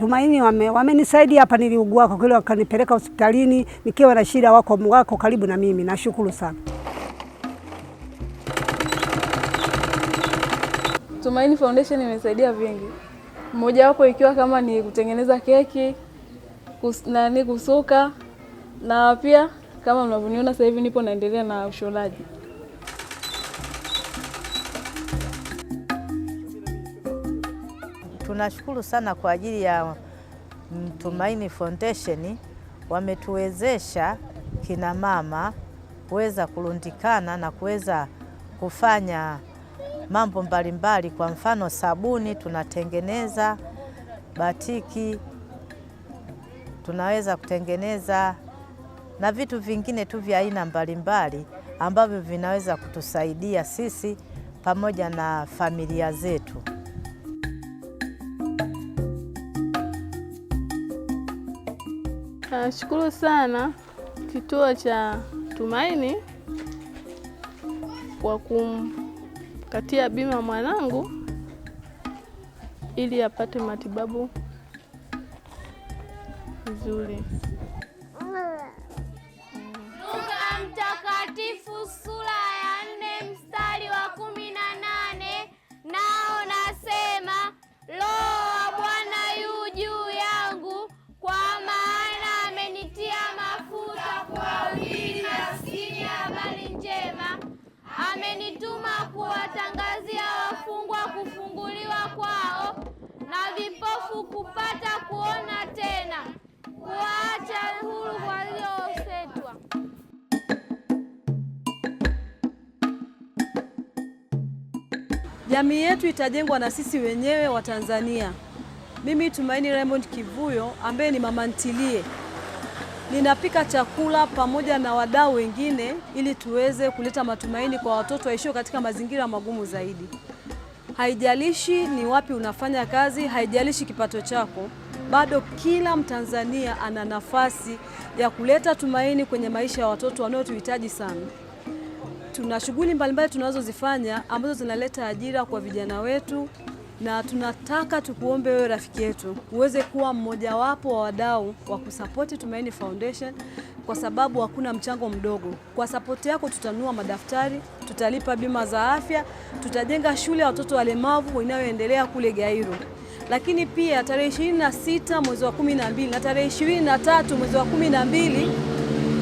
Tumaini wamenisaidia hapa, niliugua kwa kile wakanipeleka hospitalini nikiwa na shida, wako wako karibu na mimi, nashukuru sana. Tumaini Foundation imesaidia vingi, mmoja wapo ikiwa kama ni kutengeneza keki kus, nani kusuka na pia kama mnavyoniona sasa hivi nipo naendelea na ushonaji. Tunashukuru sana kwa ajili ya Mtumaini Foundation wametuwezesha kina mama kuweza kurundikana na kuweza kufanya mambo mbalimbali, kwa mfano sabuni tunatengeneza, batiki tunaweza kutengeneza na vitu vingine tu vya aina mbalimbali ambavyo vinaweza kutusaidia sisi pamoja na familia zetu. Nashukuru sana kituo cha Tumaini kwa kumkatia bima mwanangu ili apate matibabu vizuri. Luka Mtakatifu sura huru kupata kuona tena, kuacha huru waliosetwa. Jamii yetu itajengwa na sisi wenyewe wa Tanzania. Mimi Tumaini Raymond Kivuyo ambaye ni mama ntilie ninapika chakula pamoja na wadau wengine ili tuweze kuleta matumaini kwa watoto waishio katika mazingira magumu zaidi haijalishi ni wapi unafanya kazi, haijalishi kipato chako, bado kila Mtanzania ana nafasi ya kuleta tumaini kwenye maisha ya watoto wanaotuhitaji sana. Tuna shughuli mbalimbali tunazozifanya ambazo zinaleta ajira kwa vijana wetu, na tunataka tukuombe wewe rafiki yetu uweze kuwa mmojawapo wa wadau wa kusapoti Tumaini Foundation kwa sababu hakuna mchango mdogo. Kwa sapoti yako tutanua madaftari, tutalipa bima za afya, tutajenga shule ya watoto walemavu inayoendelea kule Gairo. Lakini pia tarehe 26 mwezi wa 12 na tarehe 23 mwezi wa 12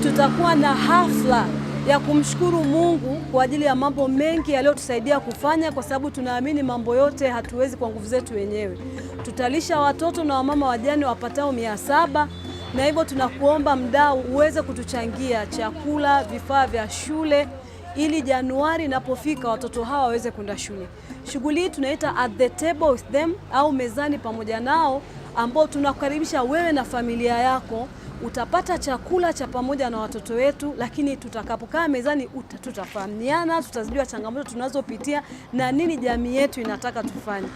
tutakuwa na hafla ya kumshukuru Mungu kwa ajili ya mambo mengi yaliyotusaidia kufanya, kwa sababu tunaamini mambo yote hatuwezi kwa nguvu zetu wenyewe. Tutalisha watoto na wamama wajane wapatao mia saba na hivyo tunakuomba mdau uweze kutuchangia chakula, vifaa vya shule ili Januari inapofika watoto hawa waweze kwenda shule. Shughuli hii tunaita at the table with them au mezani pamoja nao, ambao tunakukaribisha wewe na familia yako. Utapata chakula cha pamoja na watoto wetu, lakini tutakapokaa mezani tutafahamiana, tutazijua changamoto tunazopitia na nini jamii yetu inataka tufanye.